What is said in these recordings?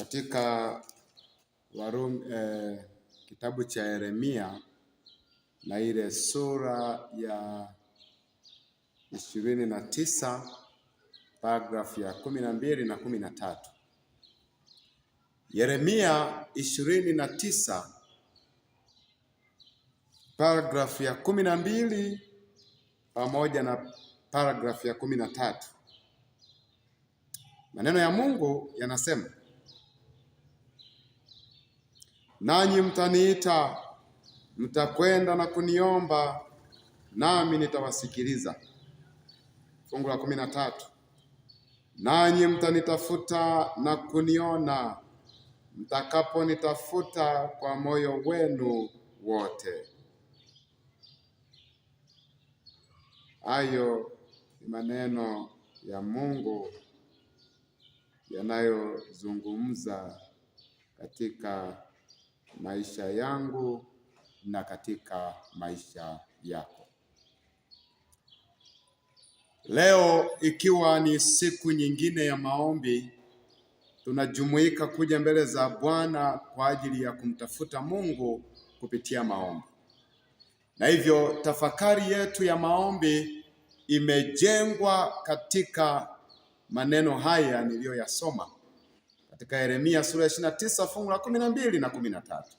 katika warum, eh, kitabu cha Yeremia na ile sura ya ishirini na tisa paragrafu ya kumi na mbili na kumi na tatu. Yeremia ishirini na tisa paragrafu ya kumi na mbili pamoja na paragrafu ya kumi na tatu. Maneno ya Mungu yanasema nanyi mtaniita, mtakwenda na kuniomba, nami nitawasikiliza. Fungu la kumi na tatu nanyi mtanitafuta na kuniona, mtakaponitafuta kwa moyo wenu wote. Hayo ni maneno ya Mungu yanayozungumza katika maisha yangu na katika maisha yako. Leo ikiwa ni siku nyingine ya maombi, tunajumuika kuja mbele za Bwana kwa ajili ya kumtafuta Mungu kupitia maombi. Na hivyo tafakari yetu ya maombi imejengwa katika maneno haya niliyoyasoma katika Yeremia sura ya ishirini na tisa fungu la kumi na mbili na kumi na tatu.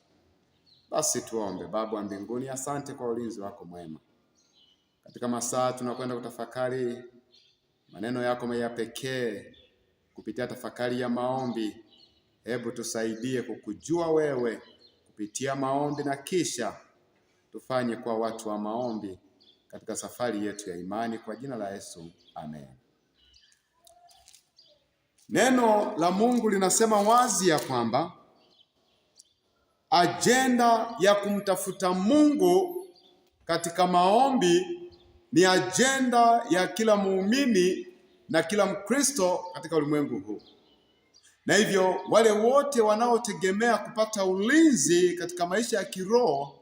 Basi tuombe. Baba wa mbinguni, asante kwa ulinzi wako mwema. Katika masaa tunakwenda kutafakari maneno yako ya pekee kupitia tafakari ya maombi, hebu tusaidie kukujua wewe kupitia maombi na kisha tufanye kwa watu wa maombi katika safari yetu ya imani, kwa jina la Yesu, amen. Neno la Mungu linasema wazi ya kwamba ajenda ya kumtafuta Mungu katika maombi ni ajenda ya kila muumini na kila Mkristo katika ulimwengu huu. Na hivyo wale wote wanaotegemea kupata ulinzi katika maisha ya kiroho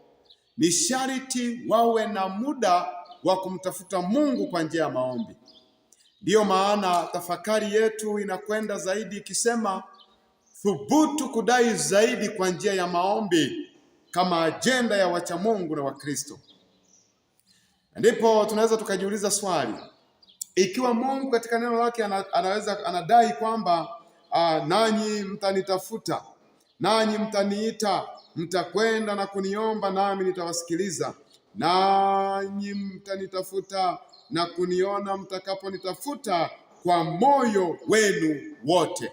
ni sharti wawe na muda wa kumtafuta Mungu kwa njia ya maombi. Ndiyo maana tafakari yetu inakwenda zaidi ikisema, thubutu kudai zaidi kwa njia ya maombi kama ajenda ya wachamungu na Wakristo. Ndipo tunaweza tukajiuliza swali, ikiwa Mungu katika neno lake anaweza anadai kwamba uh, nanyi mtanitafuta, nanyi mtaniita, mtakwenda na kuniomba nami nitawasikiliza, nanyi mtanitafuta na kuniona mtakaponitafuta kwa moyo wenu wote.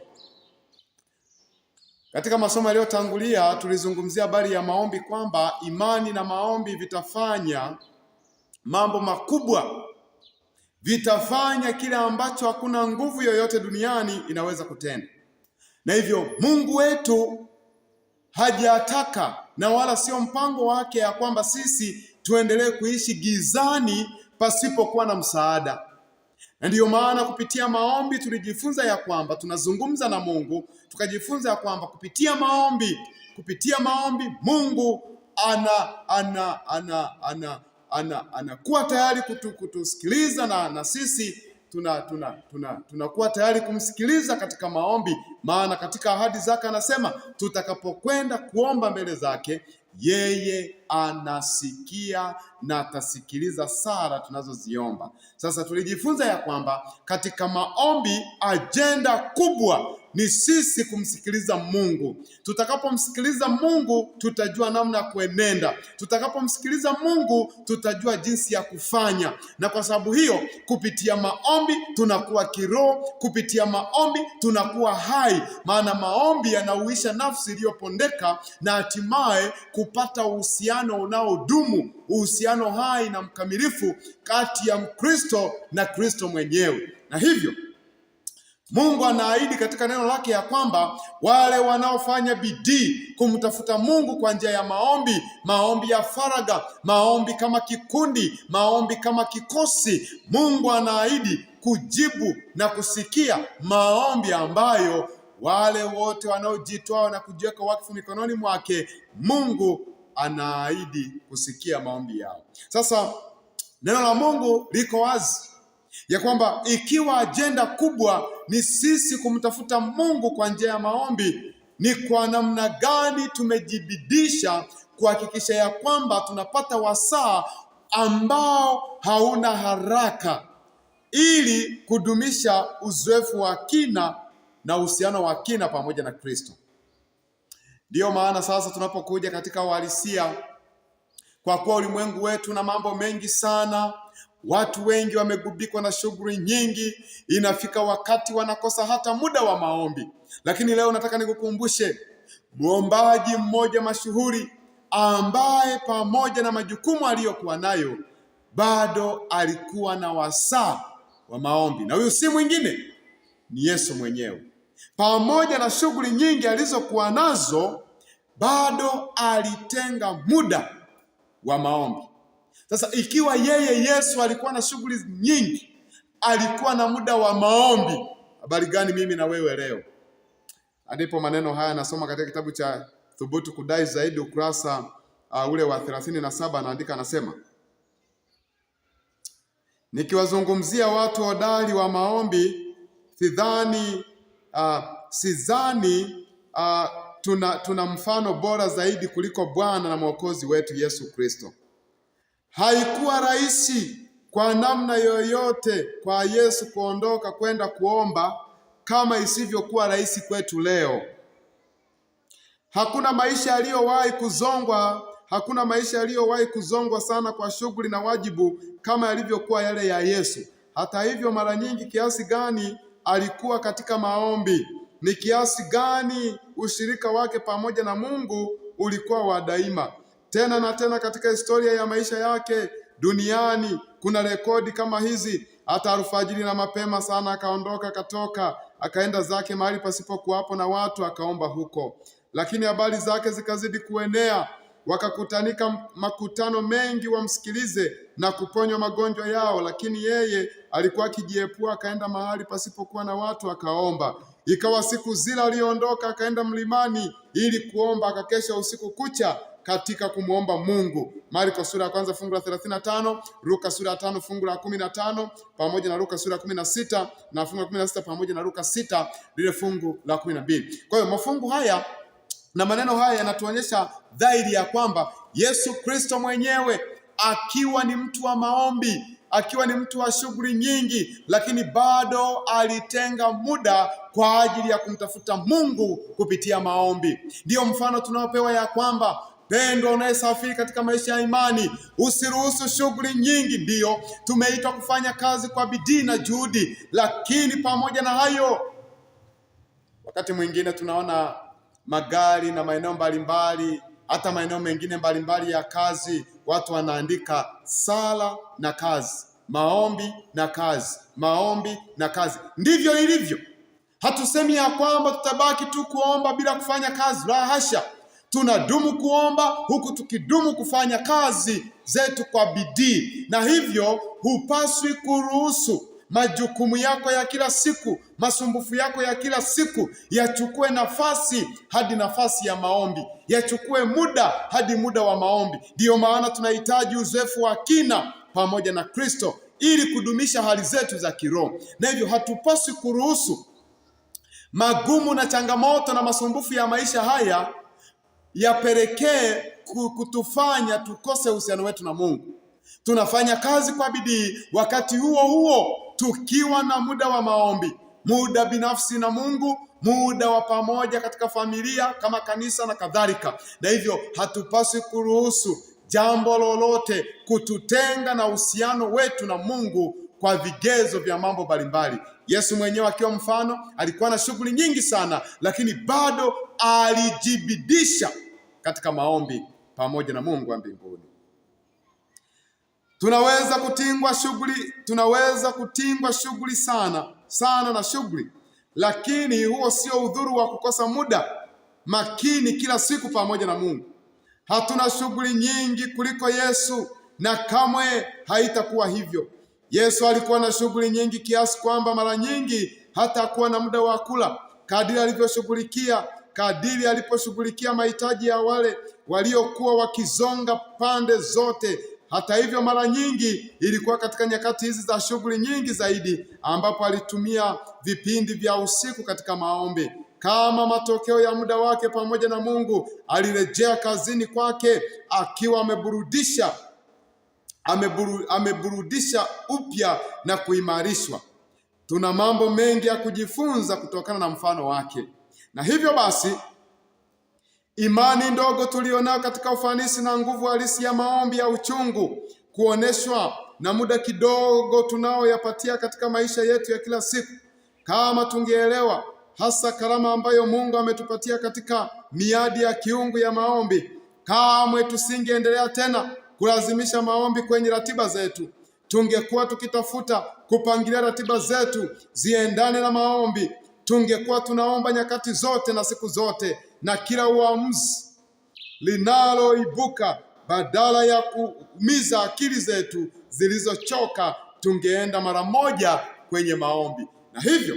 Katika masomo yaliyotangulia tulizungumzia habari ya maombi kwamba imani na maombi vitafanya mambo makubwa, vitafanya kile ambacho hakuna nguvu yoyote duniani inaweza kutenda. Na hivyo Mungu wetu hajataka na wala sio mpango wake ya kwamba sisi tuendelee kuishi gizani pasipokuwa na msaada. Na ndiyo maana kupitia maombi tulijifunza ya kwamba tunazungumza na Mungu, tukajifunza ya kwamba kupitia maombi, kupitia maombi Mungu ana ana ana ana anakuwa ana tayari kutu, kutusikiliza na, na sisi tunakuwa tuna, tuna, tunakuwa tayari kumsikiliza katika maombi, maana katika ahadi zake anasema tutakapokwenda kuomba mbele zake yeye anasikia na atasikiliza sala tunazoziomba. Sasa tulijifunza ya kwamba katika maombi ajenda kubwa ni sisi kumsikiliza Mungu. Tutakapomsikiliza Mungu, tutajua namna ya kuenenda. Tutakapomsikiliza Mungu, tutajua jinsi ya kufanya, na kwa sababu hiyo, kupitia maombi tunakuwa kiroho, kupitia maombi tunakuwa hai, maana maombi yanauisha nafsi iliyopondeka na hatimaye kupata uhusiano unaodumu, uhusiano hai na mkamilifu kati ya Mkristo na Kristo mwenyewe na hivyo Mungu anaahidi katika neno lake ya kwamba wale wanaofanya bidii kumtafuta Mungu kwa njia ya maombi, maombi ya faraga, maombi kama kikundi, maombi kama kikosi, Mungu anaahidi kujibu na kusikia maombi ambayo wale wote wanaojitoa na kujiweka wakfu mikononi mwake, Mungu anaahidi kusikia maombi yao. Sasa neno la Mungu liko wazi ya kwamba ikiwa ajenda kubwa ni sisi kumtafuta Mungu kwa njia ya maombi, ni kwa namna gani tumejibidisha kuhakikisha ya kwamba tunapata wasaa ambao hauna haraka, ili kudumisha uzoefu wa kina na uhusiano wa kina pamoja na Kristo. Ndiyo maana sasa tunapokuja katika uhalisia, kwa kuwa ulimwengu wetu na mambo mengi sana Watu wengi wamegubikwa na shughuli nyingi, inafika wakati wanakosa hata muda wa maombi. Lakini leo nataka nikukumbushe mwombaji mmoja mashuhuri ambaye pamoja na majukumu aliyokuwa nayo bado alikuwa na wasaa wa maombi, na huyu si mwingine, ni Yesu mwenyewe. Pamoja na shughuli nyingi alizokuwa nazo, bado alitenga muda wa maombi. Sasa ikiwa yeye Yesu alikuwa na shughuli nyingi, alikuwa na muda wa maombi, habari gani mimi na wewe leo? Andipo maneno haya nasoma katika kitabu cha Thubutu Kudai Zaidi, ukurasa uh, ule wa thelathini na saba anaandika, anasema nikiwazungumzia watu hodari wa maombi sidhani, uh, sidhani uh, tuna, tuna mfano bora zaidi kuliko Bwana na Mwokozi wetu Yesu Kristo. Haikuwa rahisi kwa namna yoyote kwa Yesu kuondoka kwenda kuomba kama isivyokuwa rahisi kwetu leo. Hakuna maisha yaliyowahi kuzongwa, hakuna maisha yaliyowahi kuzongwa sana kwa shughuli na wajibu kama yalivyokuwa yale ya Yesu. Hata hivyo, mara nyingi kiasi gani alikuwa katika maombi, ni kiasi gani ushirika wake pamoja na Mungu ulikuwa wa daima tena na tena katika historia ya maisha yake duniani. Kuna rekodi kama hizi. Hata alfajiri na mapema sana akaondoka, akatoka, akaenda zake mahali pasipokuwapo na watu, akaomba huko, lakini habari zake zikazidi kuenea wakakutanika makutano mengi wamsikilize na kuponywa magonjwa yao, lakini yeye alikuwa akijiepua, akaenda mahali pasipokuwa na watu akaomba. Ikawa siku zile aliondoka, akaenda mlimani ili kuomba, akakesha usiku kucha, katika kumwomba Mungu. Marko sura ya kwanza fungu la 35, Luka sura ya tano fungu la kumi na tano pamoja na Luka sura ya kumi na sita fungu la 16 sita pamoja na Luka sita lile fungu la kumi na Kwa hiyo mafungu haya na maneno haya yanatuonyesha dhahiri ya kwamba Yesu Kristo mwenyewe akiwa ni mtu wa maombi akiwa ni mtu wa shughuli nyingi, lakini bado alitenga muda kwa ajili ya kumtafuta Mungu kupitia maombi. Ndiyo mfano tunaopewa ya kwamba pendwa unayesafiri katika maisha ya imani, usiruhusu shughuli nyingi. Ndiyo, tumeitwa kufanya kazi kwa bidii na juhudi, lakini pamoja na hayo, wakati mwingine tunaona magari na maeneo mbalimbali, hata maeneo mengine mbalimbali ya kazi, watu wanaandika sala na kazi, maombi na kazi, maombi na kazi. Ndivyo ilivyo. Hatusemi ya kwamba tutabaki tu kuomba bila kufanya kazi, la hasha tunadumu kuomba huku tukidumu kufanya kazi zetu kwa bidii, na hivyo hupaswi kuruhusu majukumu yako ya kila siku, masumbufu yako ya kila siku yachukue nafasi hadi nafasi ya maombi, yachukue muda hadi muda wa maombi. Ndiyo maana tunahitaji uzoefu wa kina pamoja na Kristo ili kudumisha hali zetu za kiroho, na hivyo hatupaswi kuruhusu magumu na changamoto na masumbufu ya maisha haya yapelekee kutufanya tukose uhusiano wetu na Mungu. Tunafanya kazi kwa bidii, wakati huo huo tukiwa na muda wa maombi, muda binafsi na Mungu, muda wa pamoja katika familia kama kanisa na kadhalika. Na hivyo hatupaswi kuruhusu jambo lolote kututenga na uhusiano wetu na Mungu kwa vigezo vya mambo mbalimbali. Yesu mwenyewe akiwa mfano, alikuwa na shughuli nyingi sana, lakini bado alijibidisha katika maombi pamoja na Mungu wa mbinguni. Tunaweza kutingwa shughuli, tunaweza kutingwa shughuli sana sana na shughuli, lakini huo sio udhuru wa kukosa muda makini kila siku pamoja na Mungu. Hatuna shughuli nyingi kuliko Yesu na kamwe haitakuwa hivyo. Yesu alikuwa na shughuli nyingi kiasi kwamba mara nyingi hata hakuwa na muda wa kula. Kadiri alivyoshughulikia kadiri aliposhughulikia mahitaji ya wale waliokuwa wakizonga pande zote. Hata hivyo, mara nyingi ilikuwa katika nyakati hizi za shughuli nyingi zaidi ambapo alitumia vipindi vya usiku katika maombi. Kama matokeo ya muda wake pamoja na Mungu, alirejea kazini kwake akiwa ameburudisha ameburu, ameburudisha upya na kuimarishwa. Tuna mambo mengi ya kujifunza kutokana na mfano wake. Na hivyo basi imani ndogo tulionayo katika ufanisi na nguvu halisi ya maombi ya uchungu kuoneshwa na muda kidogo tunaoyapatia katika maisha yetu ya kila siku. Kama tungeelewa hasa karama ambayo Mungu ametupatia katika miadi ya kiungu ya maombi, kamwe tusingeendelea tena kulazimisha maombi kwenye ratiba zetu. Tungekuwa tukitafuta kupangilia ratiba zetu ziendane na maombi tungekuwa tunaomba nyakati zote na siku zote na kila uamuzi linaloibuka, badala ya kuumiza akili zetu zilizochoka, tungeenda mara moja kwenye maombi. Na hivyo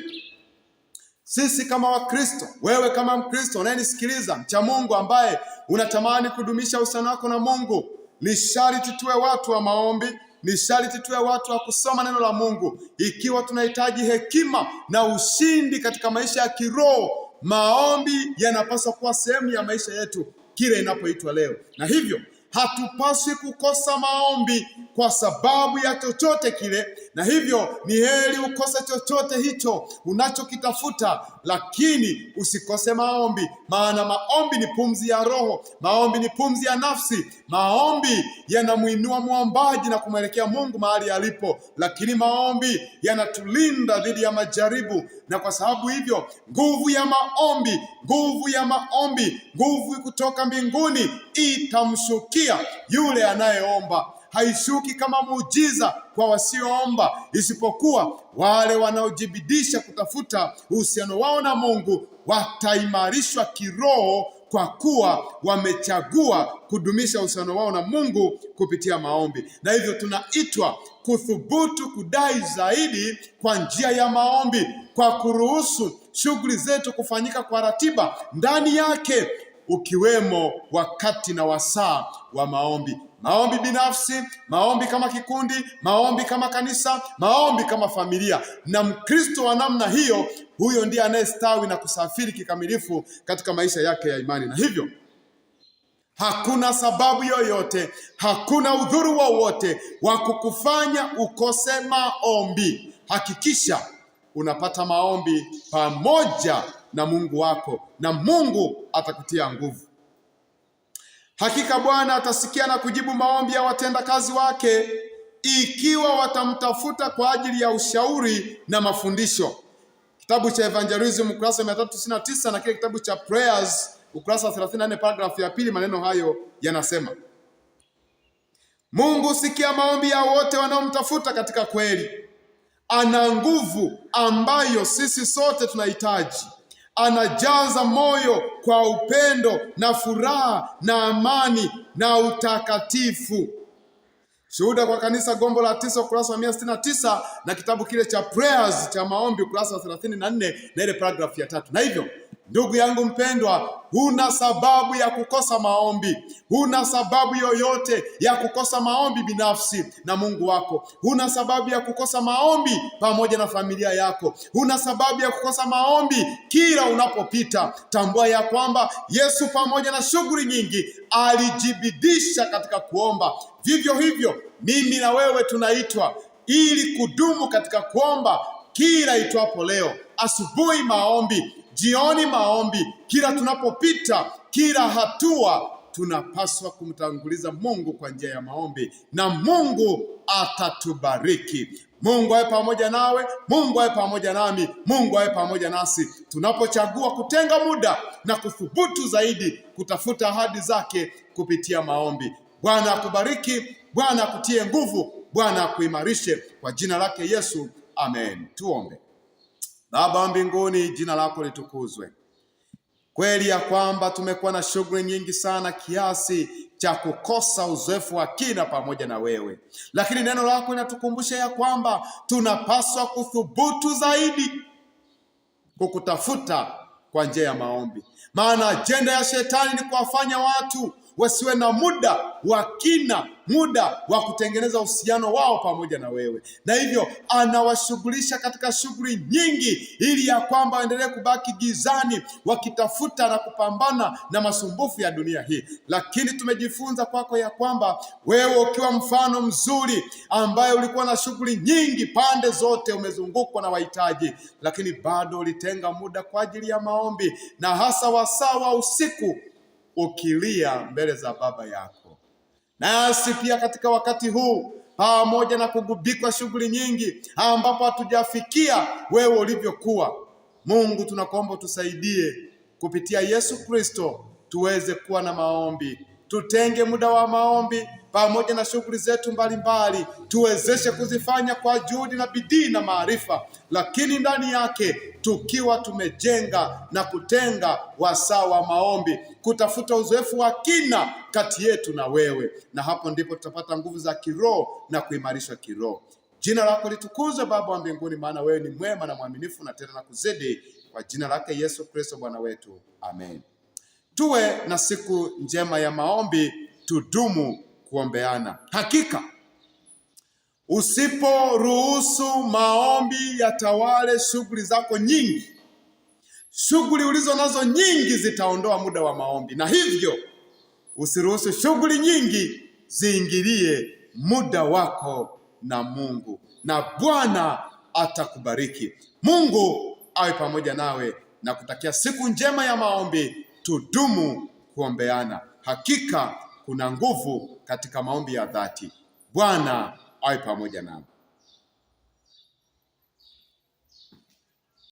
sisi kama Wakristo, wewe kama Mkristo unayenisikiliza, mcha Mungu ambaye unatamani kudumisha uhusiano wako na Mungu, ni sharti tuwe watu wa maombi ni sharti tuwe watu wa kusoma neno la Mungu. Ikiwa tunahitaji hekima na ushindi katika maisha ya kiroho, maombi yanapaswa kuwa sehemu ya maisha yetu kila inapoitwa leo, na hivyo hatupaswi kukosa maombi kwa sababu ya chochote kile na hivyo ni heri ukose chochote hicho unachokitafuta, lakini usikose maombi, maana maombi ni pumzi ya roho, maombi ni pumzi ya nafsi. Maombi yanamwinua mwombaji na kumwelekea Mungu mahali alipo, lakini maombi yanatulinda dhidi ya majaribu, na kwa sababu hivyo, nguvu ya maombi, nguvu ya maombi, nguvu kutoka mbinguni itamshukia yule anayeomba haishuki kama muujiza kwa wasioomba, isipokuwa wale wanaojibidisha kutafuta uhusiano wao na Mungu wataimarishwa kiroho, kwa kuwa wamechagua kudumisha uhusiano wao na Mungu kupitia maombi. Na hivyo tunaitwa kuthubutu kudai zaidi kwa njia ya maombi, kwa kuruhusu shughuli zetu kufanyika kwa ratiba ndani yake, ukiwemo wakati na wasaa wa maombi maombi binafsi, maombi kama kikundi, maombi kama kanisa, maombi kama familia. Na Mkristo wa namna hiyo, huyo ndiye anayestawi na kusafiri kikamilifu katika maisha yake ya imani. Na hivyo hakuna sababu yoyote, hakuna udhuru wowote wa kukufanya ukose maombi. Hakikisha unapata maombi pamoja na Mungu wako, na Mungu atakutia nguvu. Hakika Bwana atasikia na kujibu maombi ya watendakazi wake ikiwa watamtafuta kwa ajili ya ushauri na mafundisho. Kitabu cha Evangelism ukurasa 399 na kile kitabu cha Prayers ukurasa 34 paragraph ya pili, maneno hayo yanasema: Mungu sikia maombi ya wote wanaomtafuta katika kweli. Ana nguvu ambayo sisi sote tunahitaji anajaza moyo kwa upendo na furaha na amani na utakatifu. Shuhuda kwa Kanisa, gombo la tisa, ukurasa wa mia sitini na tisa na kitabu kile cha Prayers cha maombi, ukurasa wa thelathini na nne na ile paragrafu ya tatu, na hivyo Ndugu yangu mpendwa, huna sababu ya kukosa maombi, huna sababu yoyote ya kukosa maombi binafsi na Mungu wako, huna sababu ya kukosa maombi pamoja na familia yako, huna sababu ya kukosa maombi kila unapopita. Tambua ya kwamba Yesu pamoja na shughuli nyingi alijibidisha katika kuomba. Vivyo hivyo mimi na wewe tunaitwa ili kudumu katika kuomba kila itwapo leo, asubuhi maombi jioni maombi. Kila tunapopita, kila hatua tunapaswa kumtanguliza Mungu kwa njia ya maombi, na Mungu atatubariki. Mungu awe pamoja nawe, Mungu awe pamoja nami, Mungu awe pamoja nasi tunapochagua kutenga muda na kuthubutu zaidi kutafuta ahadi zake kupitia maombi. Bwana akubariki, Bwana akutie nguvu, Bwana akuimarishe, kwa jina lake Yesu, amen. Tuombe. Baba mbinguni, jina lako litukuzwe. Kweli ya kwamba tumekuwa na shughuli nyingi sana kiasi cha kukosa uzoefu wa kina pamoja na wewe, lakini neno lako linatukumbusha ya kwamba tunapaswa kuthubutu zaidi kukutafuta kwa njia ya maombi, maana ajenda ya shetani ni kuwafanya watu wasiwe na muda wa kina, muda wa kutengeneza uhusiano wao pamoja na wewe, na hivyo anawashughulisha katika shughuli nyingi, ili ya kwamba waendelee kubaki gizani, wakitafuta na kupambana na masumbufu ya dunia hii. Lakini tumejifunza kwako ya kwamba wewe ukiwa mfano mzuri, ambaye ulikuwa na shughuli nyingi pande zote, umezungukwa na wahitaji, lakini bado ulitenga muda kwa ajili ya maombi na hasa wasaa wa usiku ukilia mbele za Baba yako. Nasi pia katika wakati huu pamoja na kugubikwa shughuli nyingi ambapo hatujafikia wewe ulivyokuwa, Mungu tunakuomba tusaidie kupitia Yesu Kristo tuweze kuwa na maombi, tutenge muda wa maombi pamoja na shughuli zetu mbalimbali, tuwezeshe kuzifanya kwa juhudi na bidii na maarifa, lakini ndani yake tukiwa tumejenga na kutenga wasaa wa maombi, kutafuta uzoefu wa kina kati yetu na wewe, na hapo ndipo tutapata nguvu za kiroho na kuimarishwa kiroho. Jina lako litukuzwe Baba wa mbinguni, maana wewe ni mwema na mwaminifu, na tena na kuzidi. Kwa jina lake Yesu Kristo Bwana wetu, amen. Tuwe na siku njema ya maombi, tudumu kuombeana. Hakika usiporuhusu maombi yatawale shughuli zako nyingi, shughuli ulizo nazo nyingi zitaondoa muda wa maombi, na hivyo usiruhusu shughuli nyingi ziingilie muda wako na Mungu, na Bwana atakubariki. Mungu awe pamoja nawe na kutakia siku njema ya maombi. Tudumu kuombeana, hakika kuna nguvu katika maombi ya dhati. Bwana awe pamoja nami.